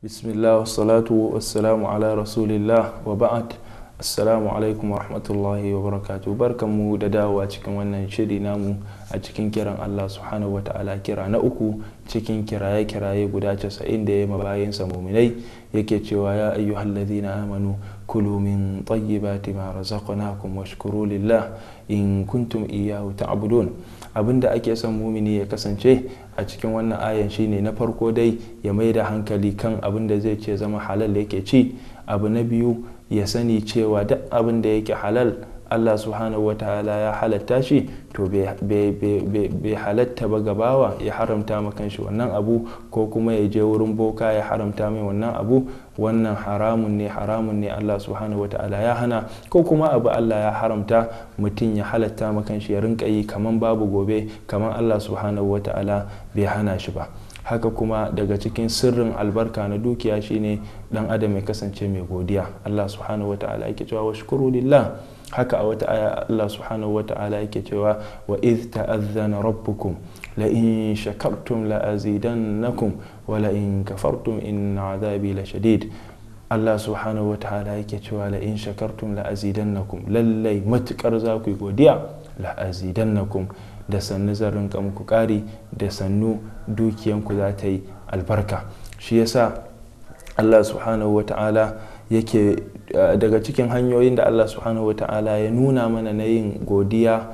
bismillah wa salamu ala rasulillah wa ba'ad assalamu alaikum warahmatullahi wabarakatuh barkanmu da dawowa cikin wannan shiri namu a cikin kiran Allah subhanahu wata'ala kira na uku cikin kiraye-kiraye guda casa'in da ya ma sa muminai yake cewa ya ayyuhal ladhina amanu kulu min tayyibati ma razaqnakum washkuru lillah in kuntum iyyahu ta'budun abin da ake son mumini ya kasance a cikin wannan ayan shine na farko dai ya mai da hankali kan abin da zai ce zama halal yake ci abu na biyu ya sani cewa duk abin da yake halal allah subhanahu wa ta'ala ya halatta shi to bai halatta ba gabawa ya haramta ma shi wannan abu ko kuma ya je wurin boka ya haramta mai wannan abu wannan haramun ne haramun ne Allah subhanahu wataala ya hana ko kuma abu Allah ya haramta mutum ya halatta ma shi ya rinka yi kaman babu gobe kamar Allah subhanahu wataala bai hana shi ba haka kuma daga cikin sirrin albarka na dukiya shine dan adam ya kasance mai godiya Allah subhanahu wataala yake cewa washkuru lillah haka a wata aya Allah subhanahu wa ta'ala yake cewa wa iz ta'azzana rabbukum la in shakartum la azidannakum wa la in kafartum inna azabi la shadid Allah subhanahu wa ta'ala yake cewa la in shakartum la azidannakum lallai matukar za ku yi godiya la azidannakum da sannu zan rinka muku kari da sannu dukiyanku za ta yi albarka shi yasa Allah subhanahu wa ta'ala yake eh, daga cikin hanyoyin da Allah subhanahu wa ta'ala ya nuna mana na yin godiya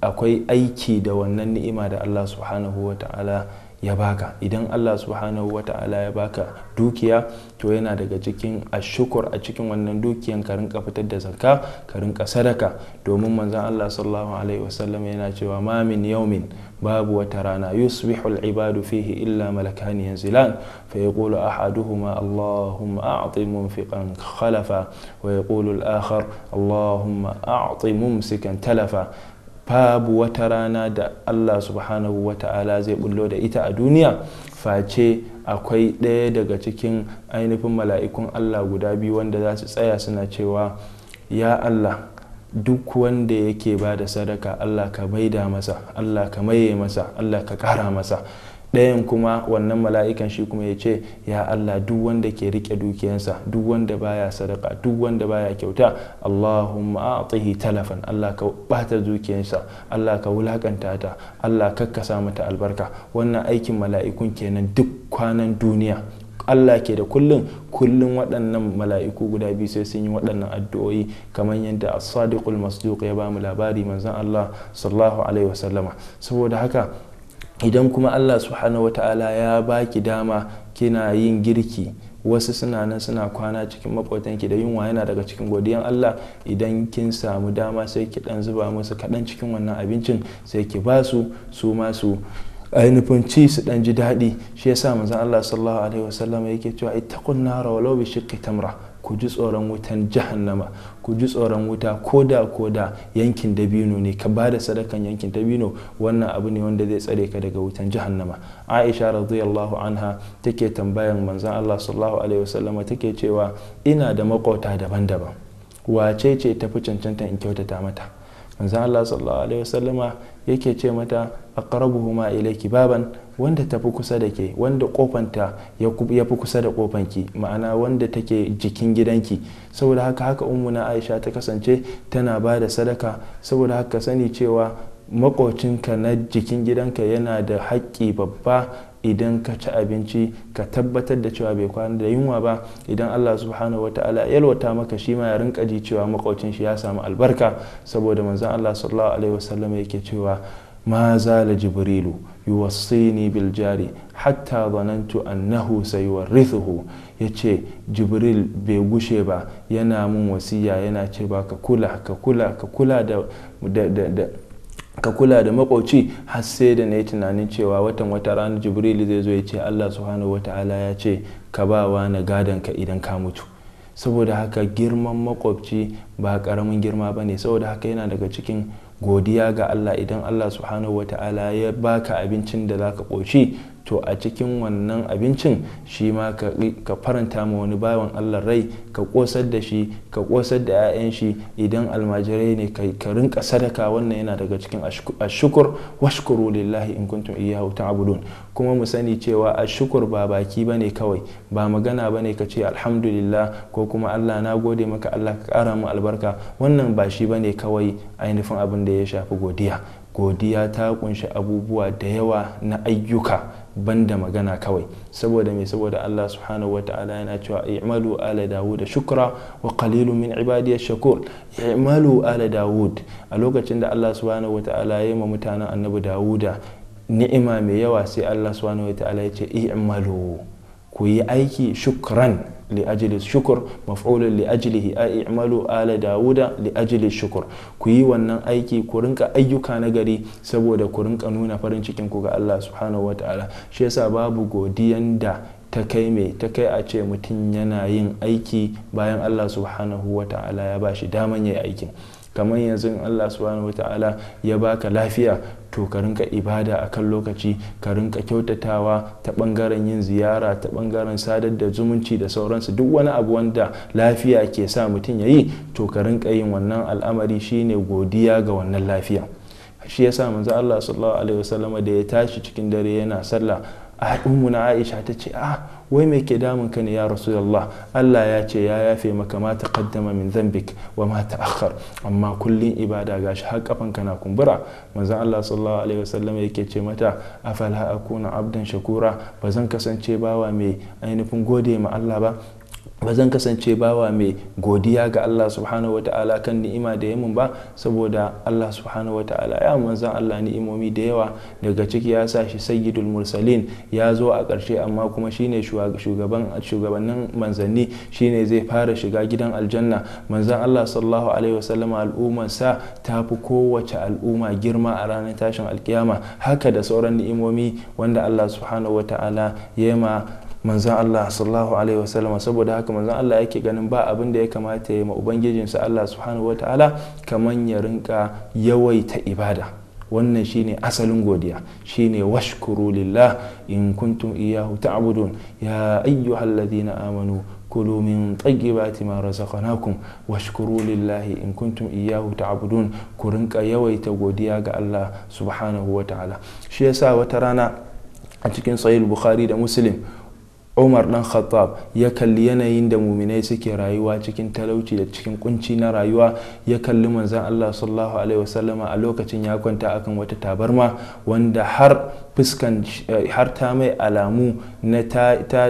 akwai aiki da wannan ni'ima da Allah subhanahu wa ta'ala ya baka idan Allah subhanahu wataala ya baka dukiya to yana daga cikin ashukur a cikin wannan dukiyan ka rinka fitar da zakka ka rinka sadaka domin manzon Allah sallallahu alaihi wasallam yana cewa ma min yawmin babu wata rana yusbihu al-ibadu fihi illa malakan yanzilan fa yaqulu ahaduhuma allahumma a'ti munfiqan khalafa wa yaqulu al-akhar allahumma a'ti mumsikan talafa babu wata rana da allah subhanahu wa ta'ala zai bullo da ita a duniya face akwai ɗaya daga cikin ainihin mala'ikun allah guda biyu wanda za su tsaya suna cewa ya allah duk wanda yake ba da sadaka allah ka maida masa allah ka maye masa allah ka ƙara masa ɗayan kuma wannan mala'ikan shi kuma ya ce ya Allah duk wanda ke rike dukiyansa duk wanda baya sadaka duk wanda baya kyauta Allahumma a'tihi talafan Allah ka bata dukiyansa Allah ka wulakanta ta Allah kakkasa mata albarka wannan aikin mala'ikun kenan duk kwanan duniya Allah ke da kullum kullum waɗannan mala'iku guda biyu sai sun yi waɗannan addu'o'i kamar yadda as-sadiqul masduq ya ba mu labari manzon Allah sallallahu alaihi wasallama saboda haka idan kuma allah subhanahu wata'ala ya baki dama kina yin girki wasu suna nan suna kwana cikin maƙotanki da yunwa yana daga cikin godiyan Allah idan kin samu dama sai ki dan zuba musu kaɗan cikin wannan abincin sai ki ba su su masu su ainihin ci su dan ji daɗi shi yasa manzon Allah sallallahu alaihi wasallam yake cewa ittaqun kunna walau bi shiqqi tamra ku ji tsoron wutan jahannama ku ji tsoron wuta ko da ko da yankin dabino ne ka ba da sadakan yankin dabino wannan abu ne wanda zai tsare ka daga wutan jahannama aisha radiyallahu anha take tambayan manzon allah sallallahu alaihi wasallama take cewa ina da makota daban-daban wace ce tafi cancanta in kyautata mata manzon Allah sallallahu alaihi wasallama yake ce mata a aqrabuhuma ilaiki baban wanda tafi kusa da ke wanda kofanta ya fi kusa da kofanki ma'ana wanda take jikin gidanki saboda haka haka ummuna Aisha ta kasance tana ba da sadaka saboda haka sani cewa makocinka na jikin gidanka yana da haƙƙi babba idan ka ci abinci ka tabbatar da cewa bai kwana da yunwa ba idan Allah subhanahu wataala yalwata maka shi ma ya rinka ji cewa makocin shi ya samu albarka saboda manzon Allah sallallahu alaihi wasallam yake cewa ma zala jibrilu yuwassini bil jari hatta zanantu annahu sayuwarrithuhu yace jibril bai gushe ba yana min wasiya yana ce ba ka kula ka kula ka kula da ka kula da makwauci har sai da na yi tunanin cewa watan wata ranar jibril zai zo ya ce allah subhanahu ta'ala ya ce ka ba wa na gadon ka idan ka mutu saboda haka girman makwabci ba karamin girma ba ne saboda haka yana daga cikin godiya ga allah idan allah subhanahu ta'ala ya baka abincin da za ka ƙoshi to a cikin wannan abincin shi ma ka faranta ma wani bawan allah rai ka kosar da shi ka kosar da 'ya'yan shi idan almajirai ne ka rinka sadaka wannan yana daga cikin ashukur washkuru lillahi in kuntum iyyahu ta'budun kuma mu sani cewa ashukur ba baki bane kawai ba magana bane ka ce alhamdulillah ko kuma allah na gode maka allah ka kara mu albarka wannan ba shi bane kawai ainihin abin da ya shafi godiya godiya ta kunshi abubuwa da yawa na ayyuka banda magana kawai saboda mai saboda Allah subhanahu wata'ala yana cewa i'malu ala dawud shukra wa qalilun min ibadiy shakur i'malu ala dawud a lokacin da Allah subhanahu wata'ala ya yi ma mutanen annabi dawuda ni'ima mai yawa sai Allah subhanahu wata'ala ya ce i'malu ku yi aiki shukran shukur لأجل الشكر مفعول a أي اعملوا li داود shukur ku yi wannan aiki ku rinka ayyuka na gari saboda ku rinka nuna farin cikin ku ga Allah subhanahu wataala shi yasa babu godiyan da ta kai mai ta kai a ce mutum yana yin aiki bayan Allah subhanahu wataala ya bashi daman yayi aikin kamar yanzu Allah subhanahu wataala ya baka lafiya to ka rinka ibada a kan lokaci ka rinka kyautatawa ta bangaren yin ziyara ta bangaren sadar da zumunci da sauransu duk wani abu wanda lafiya ke sa mutum ya yi to ka rinka yin wannan al'amari shine godiya ga wannan lafiya shi ya yasa manzo Allah sallallahu alaihi wasallama da ya tashi cikin dare yana sallah a na aisha ta ce ah wai me ke damun ka ne ya rasulullah allah ya ce ya yafe maka ma kaddama min zambik wa ma akhar amma kullum ibada gashi har kafan na kumbura manzon allah sallallahu alaihi wasallam yake ce mata afala akuna abdan shakura bazan kasance bawa mai ainihin gode ma allah ba ba zan kasance bawa mai godiya ga Allah subhanahu wata'ala kan ni'ima da yamin ba saboda Allah subhanahu wata'ala ya manzan Allah ni'imomi da yawa daga ciki ya sa shi sayyidul mursalin ya zo a karshe amma kuma shine shugaban shugabannin manzanni shine zai fara shiga gidan aljanna manzan Allah sallallahu alaihi wasallama al'ummar sa ta fi kowace al'umma girma a ranar tashin alkiyama haka da sauran ni'imomi wanda Allah subhanahu wata'ala ya ma manzan Allah sallallahu alaihi wasallam saboda haka manzan Allah yake ganin ba abin da ya kamata ya ma ubangijinsa Allah subhanahu ta'ala kaman ya rinka yawaita ibada wannan shine asalin godiya shine washkuru lillah in kuntum iyyahu ta'budun ya ayyuhalladhina amanu كلوا in kuntum ما ta'budun ku rinka yawaita godiya ga allah subhanahu wa ta'ala. Shi yasa wata rana a cikin sahih bukhari da muslim umar dan khattab ya kalli yanayin da muminai suke rayuwa cikin talauci da cikin kunci na rayuwa ya kalli manzan allah sallallahu alaihi wasallama a lokacin ya kwanta akan wata tabarma wanda har fuskan eh, har ta mai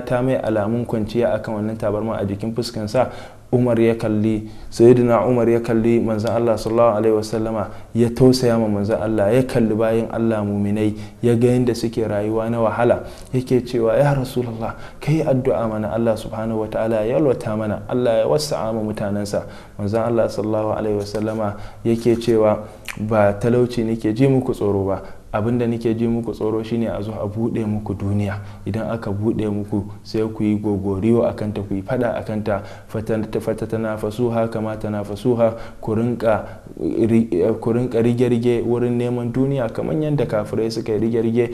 ta mai alamun kwanciya akan wannan tabarma a jikin fuskansa umar ya kalli sayyidina umar ya kalli manzan allah sallallahu alaihi wasallama ya tausaya ma manzan allah ya kalli bayan allah muminai ya ga yadda suke rayuwa na wahala yake cewa ya rasulullah kai addu'a mana allah subhanahu wa ta'ala ya lwata mana allah ya wasu ma mutanensa manzan allah sallallahu alaihi wasallama yake cewa ba talauci nake ji muku tsoro ba abin da nake ji muku tsoro shine a zo a buɗe muku duniya idan aka buɗe muku sai ku yi gogoriyo a kanta ku yi fada a kanta fatatana fasuha kama tana fasuha ku rinka rige-rige wurin neman duniya kamar yadda kafirai suka yi rige-rige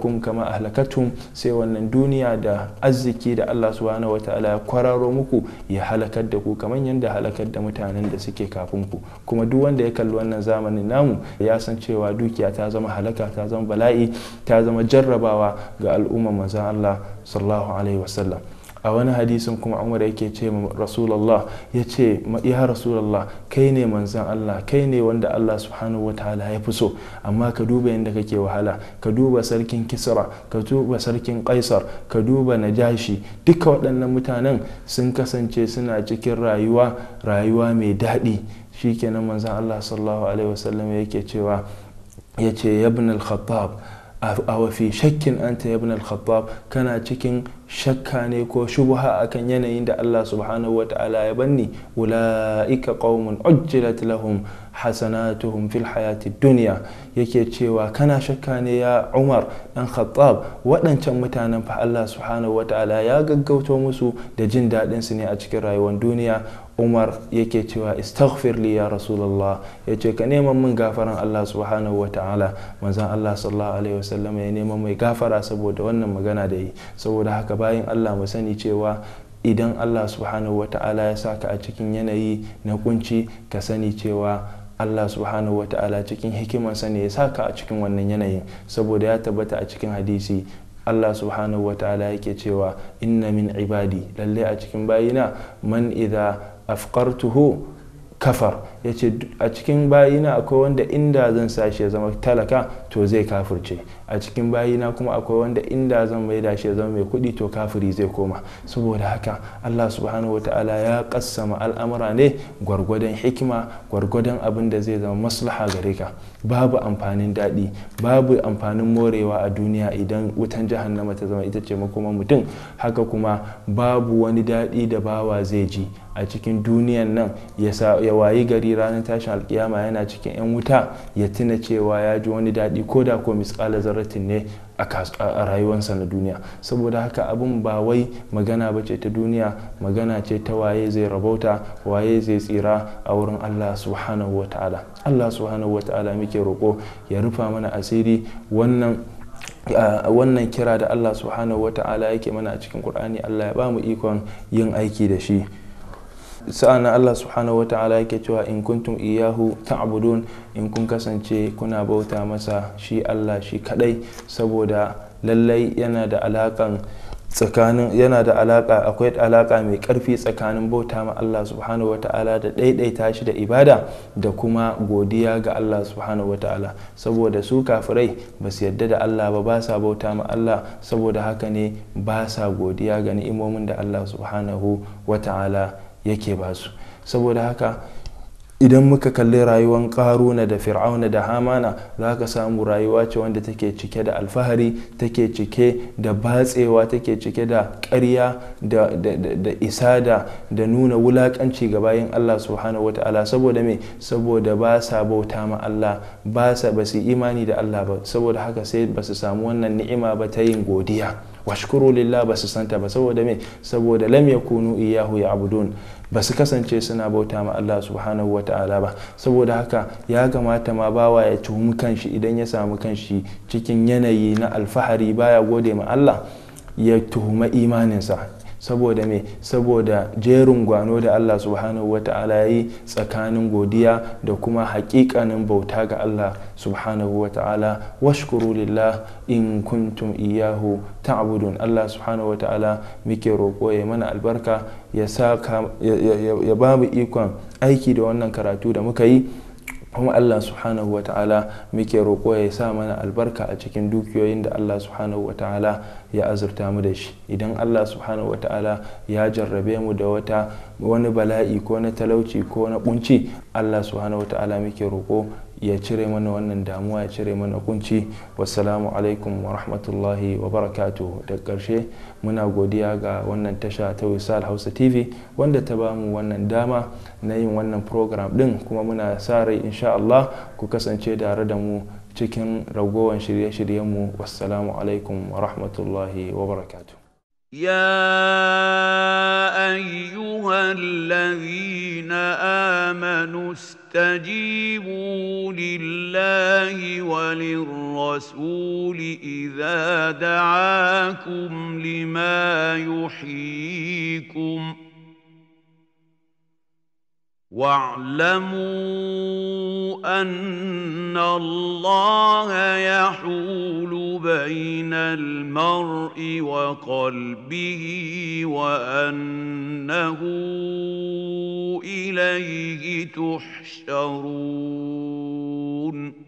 kun kama ahlakatum sai wannan duniya da arziki da Allah subhanahu ta'ala ya kwararo muku ya halakar da ku kamar yadda halakar da mutanen da suke kafin ku kuma duk wanda ya kalli wannan zamanin namu ya san cewa dukiya ta zama zama halaka ta zama bala'i ta zama jarrabawa ga al'umma manzon Allah sallallahu alaihi wasallam a wani hadisin kuma umar yake ce ma rasulallah ya ce ya rasulallah kai ne manzan allah kai ne wanda allah subhanahu wataala ya fi so amma ka duba yadda kake wahala ka duba sarkin kisra ka duba sarkin kaisar ka duba najashi duka waɗannan mutanen sun kasance suna cikin rayuwa rayuwa mai daɗi shi shikenan manzan allah sallallahu alaihi wasallam yake cewa ya ce yabin al-khattab awa fi shakkin anta yabin al-khattab kana cikin shakka ne ko shubha akan yanayin da Allah subhanahu wata'ala ya banni wula'ika qaumun ujjilat lahum hasanatuhum fil hayati duniya yake cewa kana shakka ne ya Umar dan Khattab waɗancan mutanen fa Allah subhanahu wata'ala ya gaggauto musu da jin daɗin su ne a cikin rayuwar duniya umar yake cewa istaghfirli ya rasulallah ya ce ka neman min gafaran allah subhanahu wa ta'ala manzan allah sallallahu alaihi wasallam ya neman mai gafara saboda wannan magana da yi saboda haka bayan allah mu sani cewa idan allah subhanahu wa ta'ala ya saka a cikin yanayi na kunci ka sani cewa Allah subhanahu wa ta'ala cikin hikimarsa ne ya sa saka a cikin wannan yanayin saboda ya tabbata a cikin hadisi Allah subhanahu wata'ala yake cewa inna min ibadi lalle a cikin bayina man idha afqartuhu kafar ya ce a cikin bayina akwai wanda inda zan sashi ya zama talaka to zai kafirce a cikin bayina kuma akwai wanda inda zan mai da shi ya zama mai kudi to kafiri zai koma saboda haka allah subhanahu ta'ala ya kassama al'amura ne gwargwadon hikima gwargwadon abin da zai zama maslaha gare ka babu amfanin daɗi babu amfanin morewa a duniya idan wutan jahannama ta zama ita ce makoma mutum haka kuma babu wani daɗi da bawa zai ji a cikin duniyan nan ya wayi gari ranar tashin alkiyama yana cikin 'yan wuta ya tuna cewa ya ji wani daɗi ko da ko misƙala zarratin ne a rayuwarsa na duniya saboda haka abin ba wai magana ba ce ta duniya magana ce ta waye zai rabauta waye zai tsira a wurin allah subhanahu wa ta'ala allah subhanahu wa ta'ala muke roƙo ya rufa mana asiri wannan wannan kira da allah subhanahu wa ta'ala yake mana a cikin ƙur'ani allah ya ba mu ikon yin aiki da shi sa'an Allah subhanahu wata'ala yake cewa in kuntum iyahu ta'budun in kun kasance kuna bauta masa shi Allah shi kadai saboda lallai yana da alaƙan tsakanin yana da alaƙa akwai alaka mai karfi tsakanin bauta ma Allah subhanahu wata'ala da ɗaiɗaita shi da ibada da kuma godiya ga Allah subhanahu wata'ala saboda su kafirai ba su yadda da Allah ba ba sa bauta ma Allah saboda haka ne ba sa godiya ga ni'imomin da Allah subhanahu wata'ala yake ba su saboda haka idan muka kalli rayuwar karuna da fir'auna da hamana za ka samu rayuwa ce wanda take cike da alfahari take cike da batsewa take cike da karya da isada da nuna wulaƙanci ga bayan allah subhanahu wata'ala saboda me saboda ba sa bauta ma allah ba sa ba imani da allah ba saboda haka sai ba su samu wannan ni'ima ba ta yin godiya washkuru lillah ba su santa ba saboda me saboda lam yakunu iyahu ya'budun ba su kasance suna bauta ma Allah subhanahu wa ta'ala ba saboda haka ya kamata ma bawa ya tuhumi kanshi idan ya samu kanshi cikin yanayi na alfahari baya gode ma Allah ya tuhuma imaninsa saboda me saboda jerin gwano da allah subhanahu wa ta'ala yi tsakanin godiya da kuma hakikanin bauta ga allah subhanahu wa ta'ala washkuru lillah in kuntum iyahu ta'budun allah subhanahu wa ta'ala muke roƙo ya mana albarka ya ba mu ikon aiki da wannan karatu da muka yi kuma Allah subhanahu wa ta'ala muke roƙo ya sa mana albarka a cikin dukiyoyin da Allah subhanahu wa ta'ala ya azurta mu da shi idan Allah subhanahu wa ta'ala ya jarrabe mu da wata wani bala'i ko na talauci ko na kunci Allah subhanahu wa ta'ala muke roƙo ya cire mana wannan damuwa ya cire mana kunci wassalamu alaikum wa rahmatullahi wa barakatuh da ƙarshe muna godiya ga wannan tasha ta wisal hausa tv wanda ta bamu wannan dama na yin wannan program din kuma muna sa rai insha Allah ku kasance tare da mu cikin ragowar shirye-shiryenmu wasalamu alaikum wa rahmatullahi wa barakatuh يا ايها الذين امنوا استجيبوا لله وللرسول اذا دعاكم لما يحييكم واعلموا ان الله يحول بين المرء وقلبه وانه اليه تحشرون